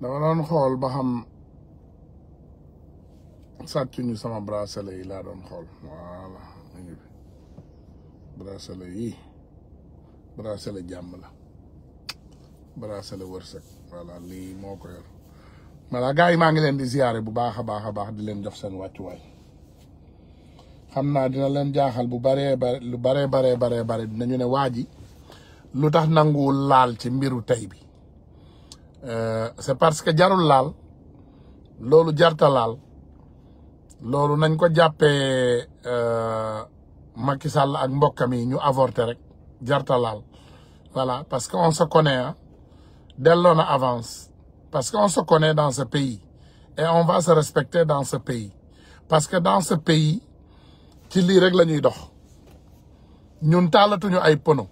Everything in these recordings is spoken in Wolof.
dama doon xool ba xam sàccuñu sama bracelet yi laa doon xool voilà ngi yi bracelet jàmm la bracelet wërsëg voilà lii moo ko yor voilà yi maa ngi leen di ziyaare bu baax a baax a baax di leen jox seen wàccuwaay xam naa dina leen jaaxal bu baree bare lu baree baree baree bare dinañu ne waa ji lu tax nanguwul laal ci mbiru tey bi Euh, c'est parce que jarul laal loolu jarta laal loolu nañ ko jàppee euh, Macky Sall ak mbokkam yi ñu avorté rek jarta laal voilà parce que on se delloo na avance parce que on se dans ce et on va se respecter dans ce pays parce que dans ce ci lii rek la ñuy dox ñun taalatuñu ay pono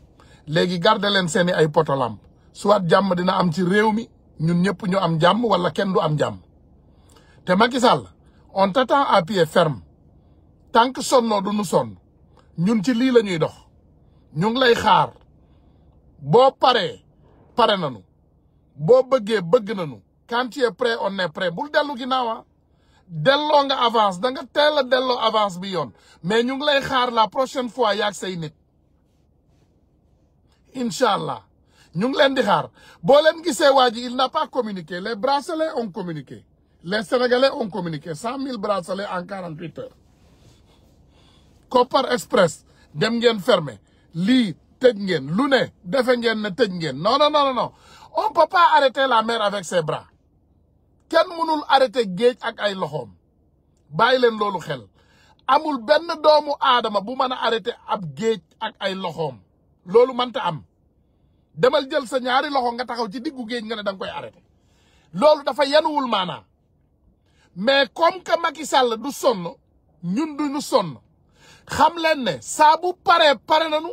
léegi garder leen seeni ay potolam lamp soit jàmm dina am ci réew mi ñun ñëpp ñu am jàmm wala kenn du am jàmm te Macky on t'attend à pied ferme tant que sonnoo du ñu sonn ñun ci lii la ñuy dox ñu ngi lay xaar boo paree pare nañu boo bëggee bëgg nañu quand tu on est prêt bul dellu ginnaaw ah. delloo nga avance da nga teel delloo avance bi yoon mais ñu ngi lay xaar la prochaine fois yaag say nit incha allah ñu ngi leen di xaar boo leen gisee waa ji il n'a pas communiqué les bracelets ont communiqué les sénégalais ont communiqué cent mille bracelets en quarante huit heures Kopar Express dem ngeen fermé lii tëj ngeen lu ne defe ngeen ne tëj ngeen non non non non on la mer avec ses bras kenn mënul arrêter géej ak ay loxoom bàyyi leen loolu xel amul benn doomu aadama bu mën a arrêter ab géej ak ay loxoom loolu mënta am. demal jël sa ñaari loxo nga taxaw ci diggu géej nga ne da koy arrêté loolu dafa yenuwul maanaa mais comme que Macky sàll du sonn ñun duñu sonn xam leen ne saa bu paree pare nanu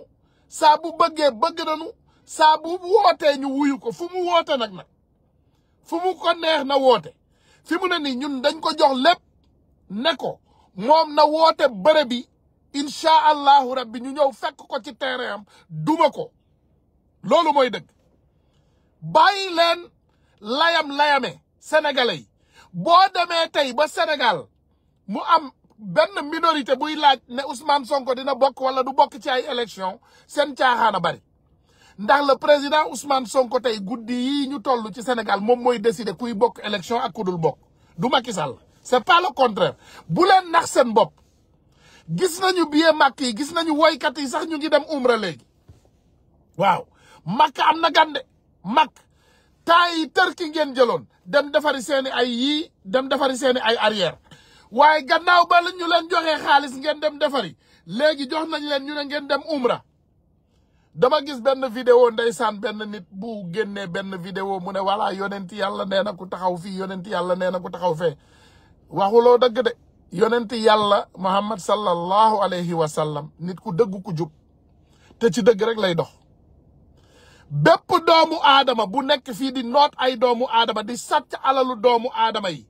saa bu bëggee bëgg nanu saa bu wootee ñu wuyu ko fu mu woote nag nag fu mu ko neex na woote fi mu ne nii ñun dañ ko jox lépp ne ko moom na woote bëre bi incha allahu rabbi ñu ñëw fekk ko ci terrain am duma ko loolu mooy dëgg bàyyi leen layam-layame sénégalais yi boo demee tey ba Sénégal mu am benn minorité buy laaj ne Ousmane Sonko dina bokk wala du bokk ci ay élection seen caaxaan a bari ndax le président Ousmane Sonko tey guddi yii ñu toll ci Sénégal moom mooy décider kuy bokk élection ak ku bokk du Macky Sall c'est pas le contraire bu leen nax seen bopp gis nañu billet màkk yi gis nañu woykat yi sax ñu ngi dem umra léegi waaw makk am na gande makk temps yi tërki ngeen jëloon dem defari seeni ay yii dem defari seeni ay arrière waaye gannaaw ba la ñu leen joxee xaalis ngeen dem defari léegi jox nañ leen ñu ne ngeen dem umra dama gis benn vidéo ndeysaan benn nit bu génne benn video mu ne voilà yonent yàlla nee na ku taxaw fii yonent yàlla nee na ku taxaw fee waxuloo dëgg de yonent yàlla muhammad sallallahu alayhi wa nit ku dëgg ku jub te ci dëgg rek lay dox bépp doomu aadama bu nekk fii di noot ay doomu aadama di sàcc alalu doomu aadama yi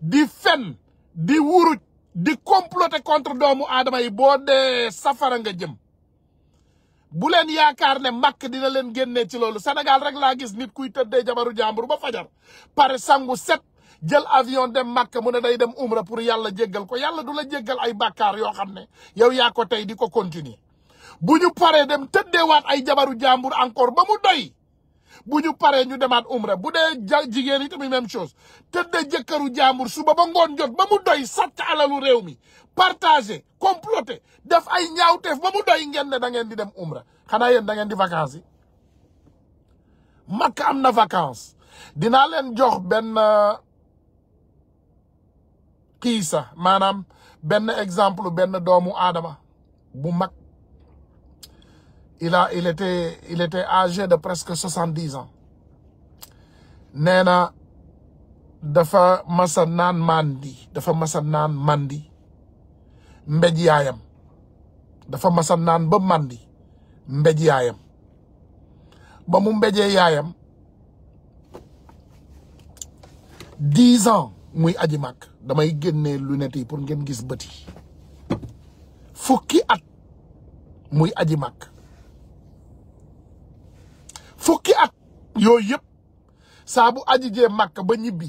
di fen di wuruj di comploter contre doomu aadama yi boo dee safara nga jëm bu leen yaakaar ne màkk dina leen génnee ci loolu Sénégal rek laa gis nit kuy tëddee jabaru jàmbur ba fajar pare sangu set jël avion dem màkk mu ne day dem umra pour yàlla jéggal ko yàlla du la jéggal ay bàkkaar yoo xam ne yow yaa ko tey di ko continuer bu ñu paree dem tëddeewaat ay jabaru jàmbur encore ba mu doy bu ñu paree ñu demaat umra bu dee ja jigéen yi tamit même chose tëddee jëkkëru jàmbur suba ba ngoon jot ba mu doy sàcc alalu réew mi partagé comploté def ay ñaawteef ba mu doy ngeen ne da ngeen di dem umra xanaa yéen da ngeen di vacances yi makk am na vacances dinaa leen jox benn xiisa euh, maanaam benn exemple benn doomu aadama bu mag il a il était il de presque soixante-dix ans nee na dafa masa naan mandi dafa masa naan mandi mbéj yaayam dafa masa naan ba mandi mbéj yaayam ba mu mbéjee yaayam dix ans muy aji mak damay génnee lunettes yi pour ngeen gis bët fukki ak muy aji mak fukki at yooyu yëpp saabu bu aji jee màkk ba ñibbi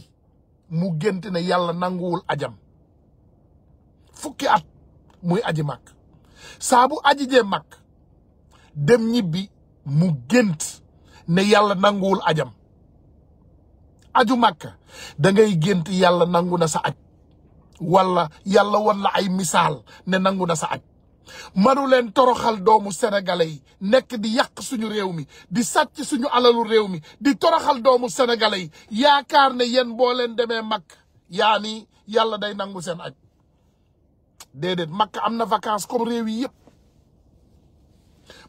mu gént ne yàlla nanguwul ajam fukki at muy aji màkk saabu bu aji jee màkk dem ñibbi mu gént ne yàlla nanguwul ajam aju màkk dangay gént yàlla nangu na sa aj wala yàlla wan la ay misaal ne nangu na sa aj manu leen toroxal doomu sénégalais yi nekk di yàq suñu réew mi di sàcc suñu alalu réew mi di toroxal doomu sénégalais yi yaakaar ne yéen boo leen demee mag yaa ni yàlla day nangu seen aj déedéet makk am na vacances comme réew yi yëpp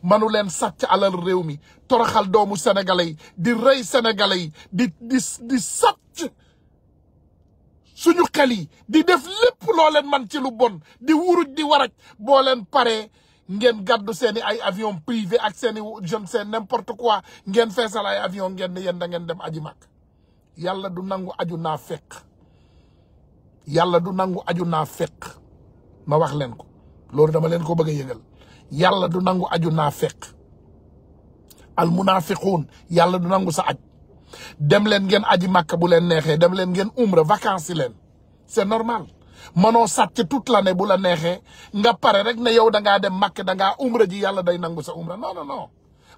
manu leen sàcc alal réew mi toroxal doomu sénégalais yi di rey sénégalais yi di di suñu xel yi di def lépp loo man ci bon di wuruj di waraj boo leen paree ngeen gàddu seen ay avion privé ak seeni i seen ne sais ngeen feesal ay avion ngeen ne yéen da ngeen dem aji mag yàlla du nangu aju naa fekk yàlla du nangu aju naa fekk ma wax leen ko loolu dama leen ko bëgg a yàlla du nangu aju naa fekk al munafiquun yàlla du nangu sa aj dem leen ngeen aji màkka bu leen neexee dem leen ngeen umra vacances yi leen c'est normal mënoo sàcc toute l'année bu la neexee nga pare rek ne yow da ngaa dem màkk da ngaa umra ji yàlla day nangu sa umra non non non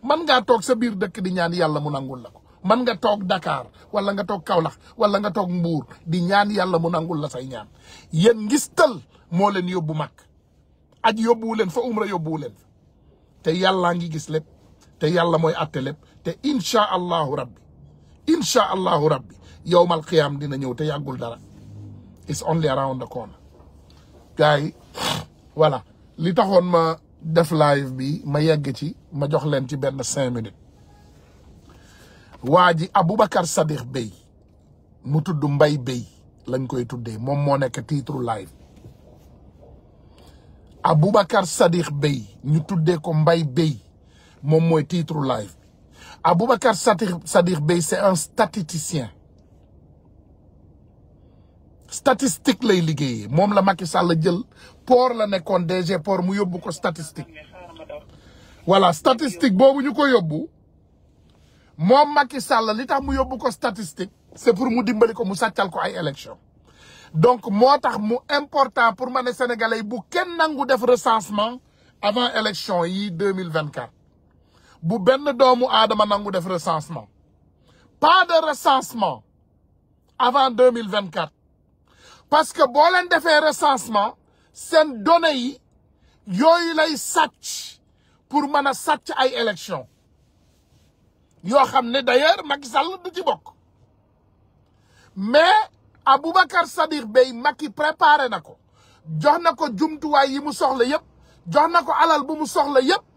man ngaa toog sa biir dëkk di ñaan yàlla mu nangul la ko man nga toog Dakar wala nga toog Kaolack wala nga toog Mbuur di ñaan yàlla mu nangul la say ñaan yéen ngistal moo leen yóbbu màkk aj yóbbuwu leen fa umra yóbbuwu leen fa te yàllaa ngi gis lépp te yàlla mooy atte lépp te incha allahu rabbi incha allahu rabbi yowmal qiyaam dina ñëw te yàggul dara it's only around the corner gars yi li taxoon ma def live bi ma yegg ci ma jox leen ci benn cinq minutes waa ji Aboubacar Sadikh Bèye mu tudd mbay Bèye lañ koy tuddee moom moo nekk titre live Aboubacar Sadikh Bèye ñu tuddee ko mbay Bèye moom mooy titre live Aboubacar Sadikh Bèye c'est un statisticien statistique lay liggéeyee moom la Macky Sall jël port la nekkoon DG port mu yóbbu ko statistique voilà statistique boobu ñu ko yóbbu moom Macky salla li tax mu yóbbu ko statistique c'est pour mu dimbali ko mu sàccal ko ay élection donc moo tax mu important pour ma ne sénégalais bu kenn nangu def recensement avant élection yi deux mille vingt-quatre bu benn doomu aadama nangu def recensement pas de recensement avant deux mille vingt quatre parce que boo leen defee recensement seen données yi yooyu lay sàcc pour mën a sàcc ay élections yoo xam ne d'ailleurs Macky Sall du ci bokk mais Aboubacar Sadikh Bèye Macky préparé na ko jox na ko jumtuwaay yi mu soxla yépp jox na ko alal bu mu soxla yépp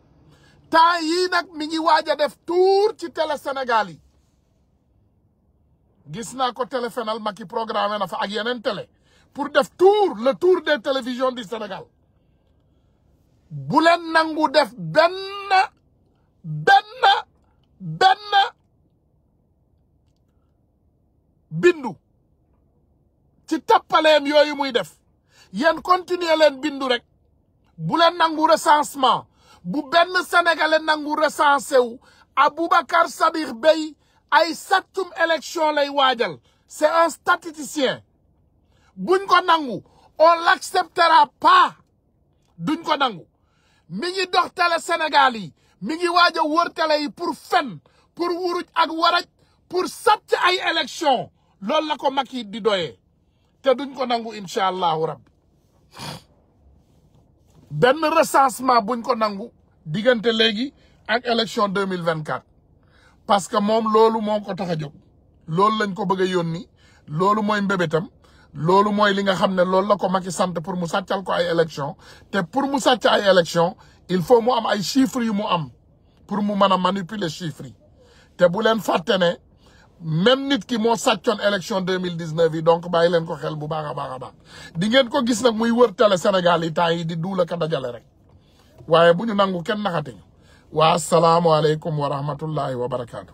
temps yii nag mi ngi waaj a def tour ci télé Sénégal yi gis naa ko télé maki Macky programme na fa ak yeneen télé pour def tour le tour de télévisions du Sénégal bu leen nangu def benn benn benn bindu ci tappaleem yooyu muy def yéen continue leen bindu rek bu leen nangu recensement bu benn sénégalais nangu recensé wu Aboubacar Sabir Bèye ay sattum élection lay waajal c'est un statisticien buñ ko nangu on l'acceptera pas duñ ko nangu mi ngi dox télé Sénégal yi mi ngi waaj a wër télé yi pour fen pour wuruj ak waraj pour sàcc ay élection loolu la ko Macky di doyee te duñ ko nangu incha allahu rabbi benn recensement buñ ko nangu diggante léegi ak élection deux mille vingt quatre parce que moom loolu moo ko tax a jóg loolu lañ ko bëgg a yónni loolu mooy mbébétam loolu mooy li nga xam ne loolu la ko Macky sant pour mu sàccal ko ay élection te pour mu sàcc ay élection il faut mu am ay chiffres yu mu am pour mu mën a manipuler chiffres te bu leen fàtte même nit ki moo sàccoon élection deux mille dix neuf yi donc bàyyi leen ko xel bu baax a baax a baax di ngeen ko gis nag muy wër télé Sénégal yi taa yi di duula ka dajale rek waaye bu ñu nangu kenn naxatiñu waa asalaamualeykum wa rahmatullahi wa barakaatu.